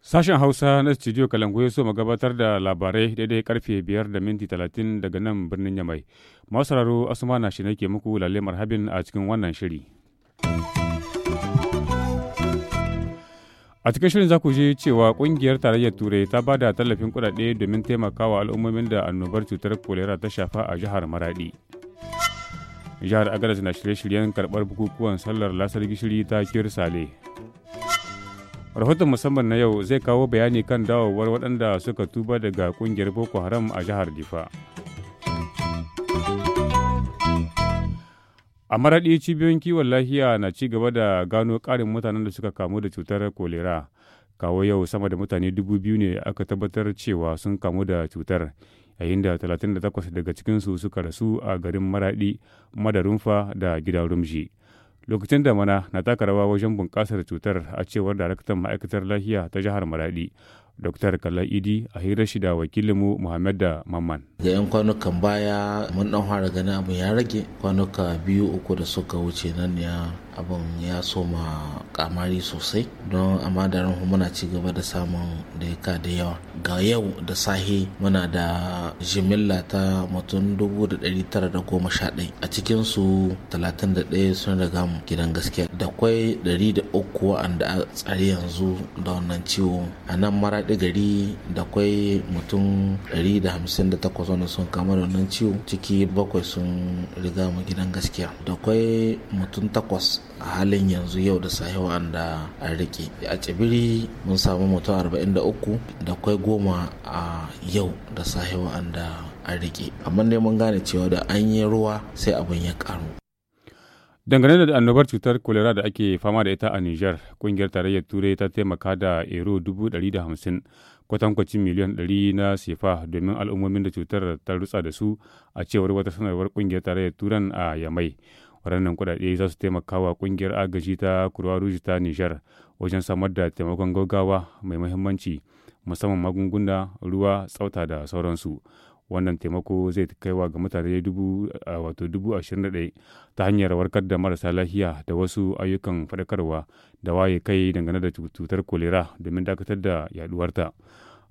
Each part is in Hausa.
Sashen Hausa na studio Kalangu ya so gabatar da labarai daidai karfe biyar da minti talatin daga nan birnin Yamai. Masu sauraro Asuma na shi nake muku lalle marhabin a cikin wannan shiri. A cikin shirin za ku ji cewa kungiyar tarayyar Turai ta ba da tallafin kudade domin taimakawa al'ummomin da annobar cutar kolera ta shafa a jihar Maradi. Jihar Agadas na shirye-shiryen karɓar bukukuwan sallar lasar gishiri ta Kirsale. Rahoton musamman na yau zai kawo bayani kan dawowar waɗanda suka tuba daga kungiyar Boko Haram a jihar Difa. A maraɗi cibiyoyin kiwon lafiya na ci gaba da gano ƙarin mutanen da suka kamu da cutar kolera. Kawo yau sama da mutane dubu biyu ne aka tabbatar cewa sun kamu da cutar, yayin da talatin da takwas daga cikinsu suka rasu a garin maraɗi, madarumfa da gidan rumshi. lokacin damana na taka rawa wajen bunƙasar cutar a cewar daraktan ma'aikatar lafiya ta jihar maraɗi Dr. Kalla Idi a hira shi da wakilinmu Muhammad da Mamman. Ga 'yan kwanukan baya mun ɗan fara ganin abu ya rage kwanuka biyu uku da suka wuce nan ya abin ya soma kamari sosai don amma da muna ci gaba da samun da ya da yawa ga yau da sahi muna da jimilla ta mutum 911 a cikinsu 31 sun riga mu gidan gaskiya da kwai 300 wa'anda a tsari yanzu da wannan ciwo a nan maraɗi gari da kwai mutum 158 wanda sun kama da wannan ciwo ciki bakwai sun riga mu gidan gaskiya da kwai mutum takwas a halin yanzu yau da sahi wa'anda an rike a tsibiri mun samu mutum 43 da kwai goma a yau da sahi wa'anda an rike amma ne mun gane cewa da an yi ruwa sai abin ya karu dangane da annobar cutar kolera da ake fama da ita a niger kungiyar tarayyar turai ta taimaka da ero 150 kwatankwacin miliyan 100 na sefa domin al'ummomin da cutar ta rutsa da su a cewar wata sanarwar kungiyar tarayyar turan a yamai waɗannan kuɗaɗe za su taimaka wa ƙungiyar agaji ta kurwa ruji ta nijar wajen samar da taimakon gaggawa mai muhimmanci musamman magunguna ruwa tsafta da sauransu wannan taimako zai kaiwa ga mutane dubu wato dubu ta hanyar warkar da marasa lafiya da wasu ayyukan faɗakarwa da waye kai dangane da cutar kolera domin dakatar da yaduwarta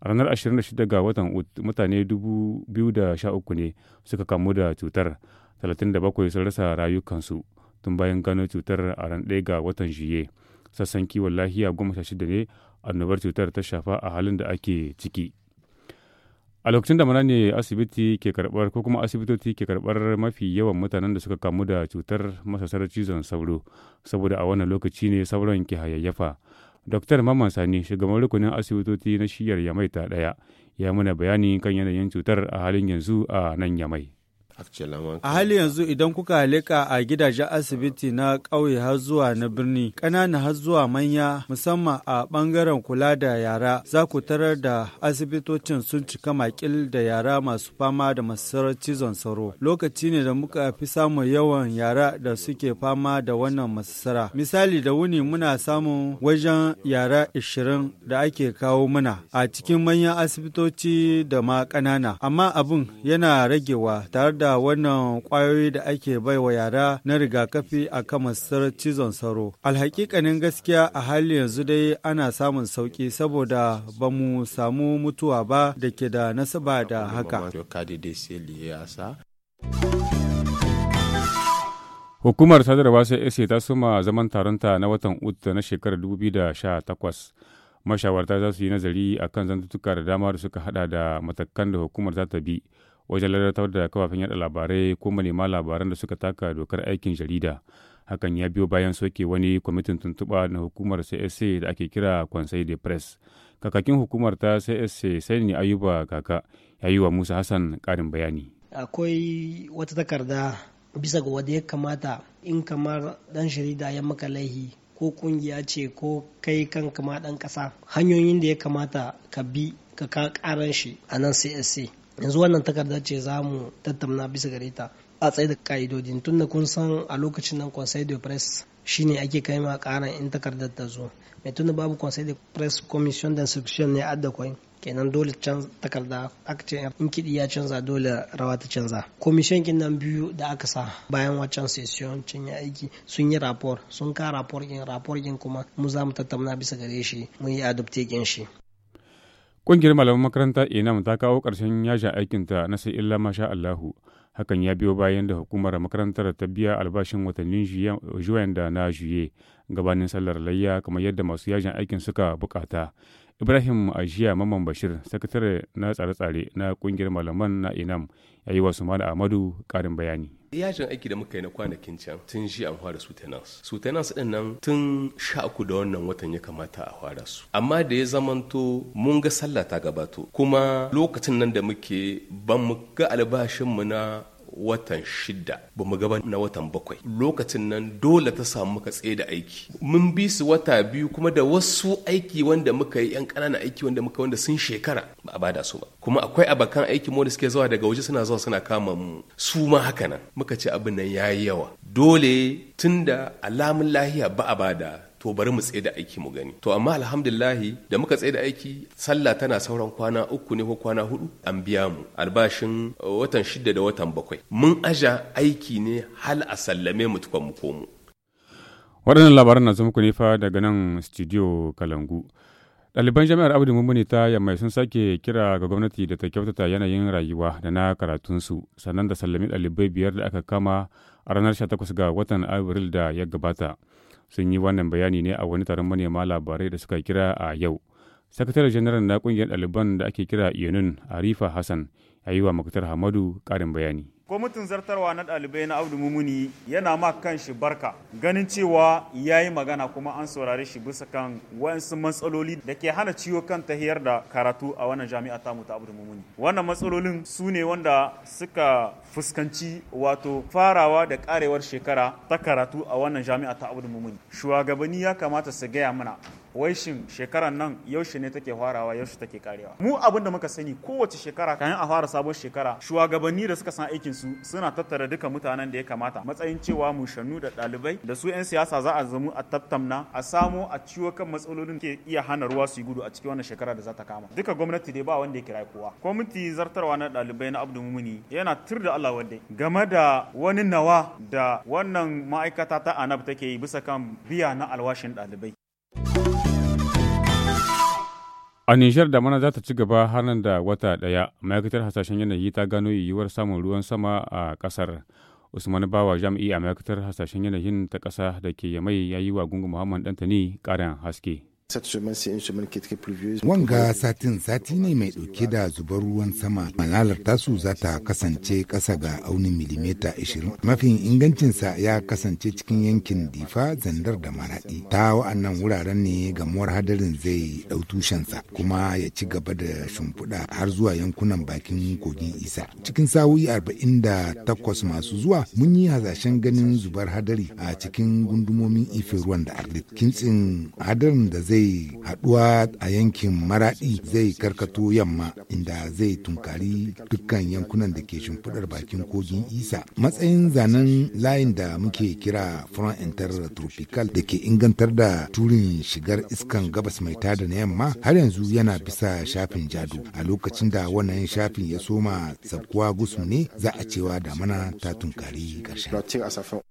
a ranar 26 ga watan mutane 2013 ne suka kamu da cutar 37 sun rasa rayukansu tun bayan gano cutar a ran ɗaya ga watan juye sassan kiwon lahiya goma sha shida ne annobar cutar ta shafa a halin da ake ciki a lokacin da ne asibiti ke karbar ko kuma asibitoci ke karbar mafi yawan mutanen da suka kamu da cutar masasar cizon sauro saboda a wannan lokaci ne sauron ke hayayyafa Dr. Maman Sani, shugaban rukunin asibitoci na shiyar Yamai ta ɗaya, ya muna bayani kan yanayin cutar a halin yanzu a nan Yamai. A hali yanzu idan kuka halika a gidajen asibiti na ƙauye har zuwa na birni, ƙanana har zuwa manya musamman a ɓangaren kula da yara za ku tarar da asibitocin sun cika makil da yara masu fama da masarar cizon sauro. Lokaci ne da muka fi samun yawan yara da suke fama da wannan masara. Misali da wuni muna samun wajen yara 20 da ake kawo muna, a cikin manyan asibitoci da ma ƙanana. Amma abin yana ragewa tare da da wannan kwayoyi da ake bai wa yara na rigakafi a kan masar cizon sauro. Alhakikanin gaskiya a halin yanzu dai ana samun sauki saboda ba mu samu mutuwa ba da ke da nasaba da haka. Hukumar sadarwa sai ta suma zaman taronta na watan Ut na shekarar 2018. Mashawarta za su yi nazari a kan zantuttuka da dama da suka hada da matakan da hukumar za ta bi wajen lalatar da kafafen yada labarai ko manema labaran da suka taka dokar aikin jarida hakan ya biyo bayan soke wani kwamitin tuntuɓa na hukumar csc da ake kira conseil de press kakakin hukumar ta sai sani ayuba kaka ya yi wa musa hassan ƙarin bayani akwai wata takarda bisa ga wanda ya kamata in kamar dan jarida ya maka laihi ko kungiya ce ko kai kan kama dan kasa hanyoyin da ya kamata ka bi ka ka karan shi a nan csc yanzu wannan takarda ce za mu tattauna bisa gare ta a tsaye da ka'idodin tun da kun san a lokacin nan conseil de presse shine ake kai ma karan in takardar ta zo mai tun da babu conseil de presse commission d'instruction ne adda kwai kenan dole can takarda aka ce in kiɗi ya canza dole rawa ta canza commission kin nan biyu da aka sa bayan waccan session cin ya aiki sun yi rapor sun ka rapor kin rapor kin kuma mu za mu tattauna bisa gare shi mun yi adopte shi Ƙungiyar malaman makaranta Enam ta kawo ƙarshen yajin aikinta na sai illa masha Allahu. Hakan ya biyo bayan da hukumar makarantar ta biya albashin watannin juyen da na juye gabanin sallar layya kamar yadda masu yajin aikin suka bukata. Ibrahim Ajiya Maman Bashir, sakatare na tsare-tsare na ƙungiyar malaman na Enam, ya yi wa Sumana Ahmadu ƙarin bayani. yajin aiki da muka yi na kwanakin can tun shi an fara sutenance sutenance din nan tun sha uku da wannan watan ya kamata a fara su amma da ya zamanto mun ga sallah ta gabato kuma lokacin nan da muke ban mu ga albashin mu na watan shida ba mu gaba na watan bakwai lokacin nan dole ta samu muka tsaye da aiki mun bi su wata biyu kuma da wasu aiki wanda muka yi yan ƙananan aiki wanda muka wanda sun shekara ba a bada su ba kuma akwai abakan aiki mu da suke zuwa daga waje suna zuwa suna kama mu su ma haka nan muka ce abin nan yayi yawa dole tunda alamun lahiya ba a bada to bari mu tsaye da aiki mu gani to amma alhamdulillahi da muka tsaye da aiki sallah tana sauran kwana uku ne ko kwana hudu an biya mu albashin uh, watan shida da watan bakwai mun aja aiki ne hal a sallame mu tukwan mu komo waɗannan labaran na zama ku ne daga nan studio kalangu Ɗaliban jami'ar Abdu Mummuni ta yamma sun sake kira ga gwamnati da ta kyautata yanayin rayuwa da na karatun su sannan da sallami ɗalibai biyar da aka kama a ranar 18 ga watan Abril da ya gabata. Sun yi wannan bayani ne a wani taron manema labarai da suka kira a yau. Sakataren janar na ƙungiyar ɗaliban da ake kira Yunun Arifa Hassan ya yi wa Muktar Hamadu ƙarin bayani. kwamitin zartarwa na ɗalibai na abdu mumuni yana ma kan shi barka ganin cewa ya yi magana kuma an saurare shi bisa kan wa'ansu matsaloli da ke hana ciwo kan tahiyar da karatu a wannan jami'a tamu ta abdu mumuni wannan matsalolin su ne wanda suka fuskanci wato farawa da karewar shekara ta karatu a wannan jami'a ta abdu mumuni shugabanni ya kamata su gaya mana wai shin shekarar nan yaushe ne take farawa yaushe take karewa mu abin da muka sani kowace shekara kayan a fara sabon shekara shugabanni da suka san aikin su suna tattara duka mutanen da ya kamata matsayin cewa mu shannu da ɗalibai da su 'yan siyasa za a zamu a tattamna a samo a ciwo kan matsalolin ke iya hana ruwa su gudu a cikin wannan shekara da za ta kama duka gwamnati dai ba wanda ya kira kowa kwamiti zartarwa na ɗalibai na abdu mumini yana tur da allah wadai game da wani nawa da wannan ma'aikata ta anab take yi bisa kan biya na alwashin ɗalibai A Nijar damana za ta ci gaba har da wata ɗaya, ma'aikatar hasashen yanayi ta gano yiwuwar samun ruwan sama a kasar Usman Bawa jami'i a ma'aikatar hasashen yanayin ta ƙasa da ke yamai ya yi wa gungun Muhammad Dantani ƙarin haske. Wanga satin sati ne mai ɗauke da zubar ruwan sama. Manalar tasu za ta kasance ƙasa ga aunin milimeta 20. Mafin ingancinsa ya kasance cikin yankin Difa, Zandar da Maraɗi. Ta wa'annan wuraren ne gamuwar hadarin zai ɗau tushensa kuma ya ci gaba da shimfiɗa har zuwa yankunan bakin kogin Isa. Cikin da 48 masu zuwa mun yi hasashen ganin zubar hadari a cikin gundumomin Ife ruwan da Arlit. Kintsin hadarin da zai zai haduwa a yankin maraɗi zai karkato yamma inda zai tunkari dukkan yankunan da ke shimfiɗar bakin kogin isa matsayin zanen layin da muke kira front intertropical da ke ingantar da turin shigar iskan gabas mai tada na yamma har yanzu yana bisa shafin jado a lokacin da wannan shafin ya soma sabkuwa gusu ne za a cewa damana ta tunkari ƙarshen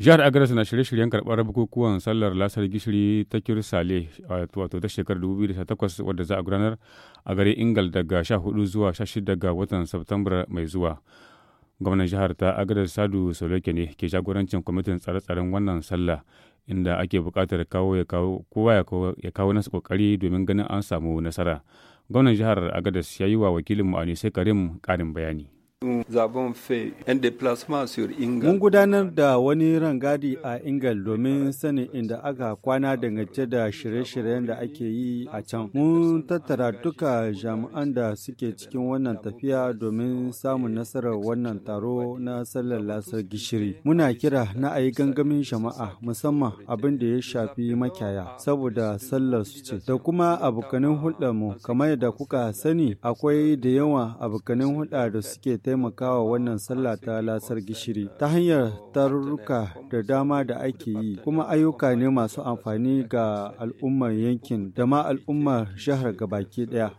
Jihar Agadas na shirye-shiryen karɓar bukukuwan sallar lasar gishiri ta Kirsale wato ta shekarar 2018 wadda za a gudanar a garin Ingal daga 14 zuwa 16 ga watan Satumbar mai zuwa. Gwamnan jihar ta Agadas Sadu Soloke ne ke jagorancin kwamitin tsare-tsaren wannan sallah inda ake buƙatar kawo ya kawo kowa ya kawo nasu kokari domin ganin an samu nasara. Gwamnan jihar Agadas ya yi wa wakilin wakilinmu Anise Karim ƙarin bayani. Mun gudanar da wani rangadi a Ingal domin sanin inda aka kwana dangance da shirye-shiryen da ake yi a can. Mun tattara duka jami'an da suke cikin wannan tafiya domin samun nasarar wannan taro na sallar lasar gishiri. Muna kira na a yi gangamin jama'a musamman abin da ya shafi makyaya saboda sallar su ce. Da kuma abokanin hulɗarmu kamar da kuka sani akwai da yawa abokanin hulɗa da suke taimakawa wannan sallah ta lasar gishiri ta hanyar tarurruka da dama da ake yi kuma ayyuka ne masu amfani ga al'ummar yankin da ma al'ummar jihar gabaki daya.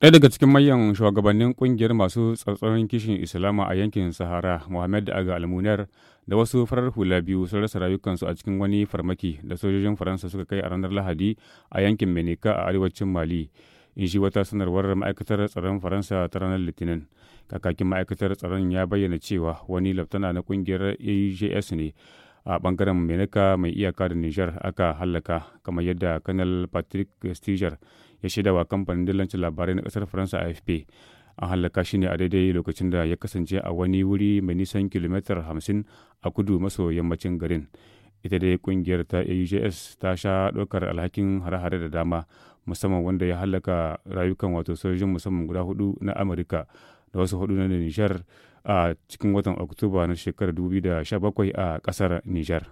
Ɗaya daga cikin manyan shugabannin kungiyar masu tsatsauran kishin Islama a yankin Sahara, Mohamed Aga Almunar, da wasu farar hula biyu sun rasa rayukansu a cikin wani farmaki da sojojin Faransa suka kai a ranar Lahadi a yankin Menika a arewacin Mali. in shi wata sanarwar ma'aikatar tsaron faransa ta ranar litinin kakakin ma'aikatar tsaron ya bayyana cewa wani laftana na kungiyar ajs ne a bangaren menaka mai iyaka da nijar aka hallaka kamar yadda kanal patrick stiger ya shaida wa kamfanin dillancin labarai na kasar faransa afp an hallaka shi ne a daidai lokacin da ya kasance a wani wuri mai nisan kilomitar hamsin a kudu maso yammacin garin ita dai kungiyar ta aujs ta sha ɗaukar alhakin hare-hare da dama musamman wanda ya halaka rayukan wato sojojin musamman guda hudu na amurka da wasu hudu na nijar a cikin watan oktoba na shekarar 2017 a kasar nijar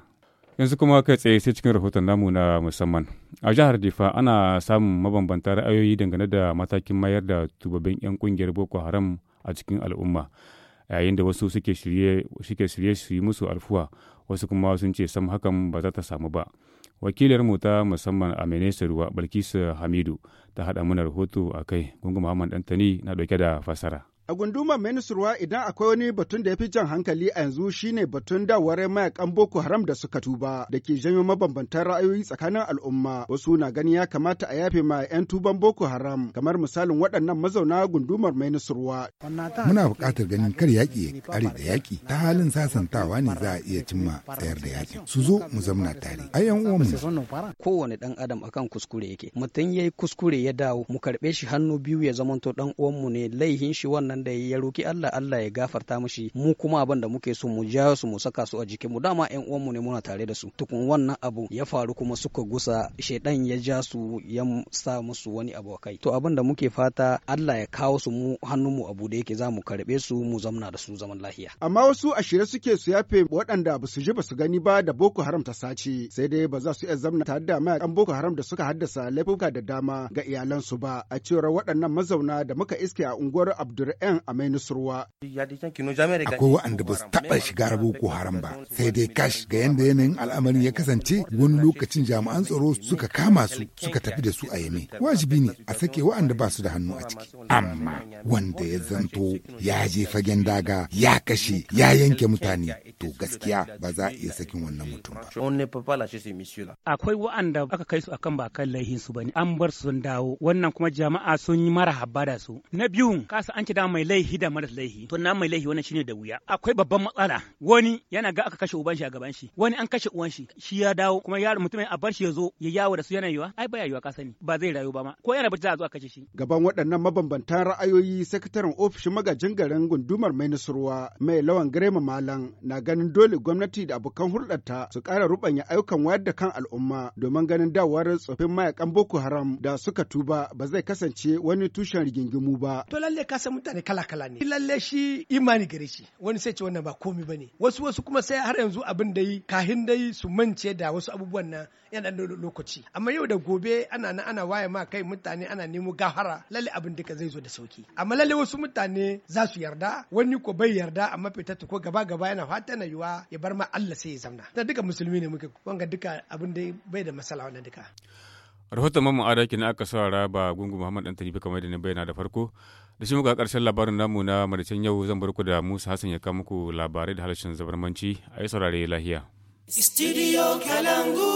yanzu kuma kai tsaye sai cikin rahoton namu na musamman a jihar difa ana samun mabambanta ra'ayoyi dangane da matakin mayar da tubabin 'yan kungiyar boko haram a cikin al'umma yayin da wasu suke shirye su yi musu alfuwa wasu kuma sun ce sam hakan ba za ta samu ba wakilarmu ta musamman a ministan ruwa balkisu hamidu ta haɗa mana rahoto a kai gungun muhammad dantani na ɗauke da fasara A gundumar Minisurwa idan akwai wani batun da ya fi jan hankali a yanzu shine batun dawar mayakan Boko Haram da suka tuba da ke janyo mabambantan ra'ayoyi tsakanin al'umma. Wasu na gani ya kamata a yafe ma 'yan tuban Boko Haram kamar misalin waɗannan mazauna gundumar Minisurwa. Muna buƙatar ganin kar yaƙi ya ƙare da yaƙi ta halin sasantawa ne za a iya cimma tsayar da yaƙi. Su zo mu zauna tare. A yan uwanmu. Kowane ɗan adam akan kuskure yake. Mutum ya yi kuskure ya dawo mu karɓe shi hannu biyu ya zamanto ɗan uwanmu ne laihin shi wannan nan da ya roki Allah Allah ya gafarta mishi mu kuma abin da muke so mu ja su mu saka su a jikin mu dama ƴan uwanmu ne muna tare da su tukun wannan abu ya faru kuma suka gusa shedan ya ja su ya sa musu wani abu a kai to abin da muke fata Allah ya kawo su mu hannun mu abu da yake za mu karbe su mu zamna da su zaman lafiya amma wasu a shirye suke su yafe waɗanda ba su ji ba su gani ba da Boko Haram ta sace sai dai ba za su iya zamna tare da an Boko Haram da suka haddasa laifuka da dama ga iyalansu ba a cewar waɗannan mazauna da muka iske a unguwar Abdul 'yan a mai nusurwa. waɗanda ba su taɓa shiga rabo ko haram ba, sai dai kash ga yadda yanayin al'amarin ya kasance wani lokacin jami'an tsaro suka kama su suka tafi da su a yame. Wajibi ne a sake waɗanda ba su da hannu a ciki. Amma wanda ya zanto ya je fagen daga ya kashe ya yanke mutane to gaskiya ba za a iya sakin wannan mutum ba. Akwai waɗanda aka kai su akan ba kan laihin su bane an bar su dawo wannan kuma jama'a sun yi mara habba da su. Na biyu kasa an ci dama mai laihi da maras laihi to na mai laihi wannan shine da wuya akwai babban matsala wani yana ga aka kashe uban shi a gaban shi wani an kashe uwan shi shi ya dawo kuma yaro mutum a bar shi ya zo ya yawo da su yana yiwa ai baya yiwa ka sani ba zai rayu ba ma ko yana bata za a zo a kashe shi gaban waɗannan mabambantan ra'ayoyi sakataren ofishin magajin garin gundumar mai nasarwa mai lawan garema malam na ganin dole gwamnati da abokan hulɗarta su ƙara rubanya ayyukan wayar da kan al'umma domin ganin dawowar tsofin mayakan boko haram da suka tuba ba zai kasance wani tushen rigingimu ba to lalle ka san mutane kala-kala ne lalle shi imani gare shi wani sai ce wannan ba komi ba ne wasu wasu kuma sai har yanzu abin dai kahin dai su mance da wasu abubuwan nan yana da lokaci amma yau da gobe ana na ana waye ma kai mutane ana nemo gahara lalle abin duka zai zo da sauki amma lalle wasu mutane za su yarda wani ko bai yarda amma ta ko gaba gaba yana fata na yiwa ya bar ma Allah sai ya zamna da duka musulmi ne muke wanga duka abin dai bai da masala wannan duka rahoton mamman adaki na aka saurara ba gungun muhammad dan tarifi kamar da na bayyana da farko da shi muka karshen labarin namu na madacin yau zan bar ku da musa hassan ya kawo muku labarai da halashin zabarmanci a yi saurare lahiya studio kalangu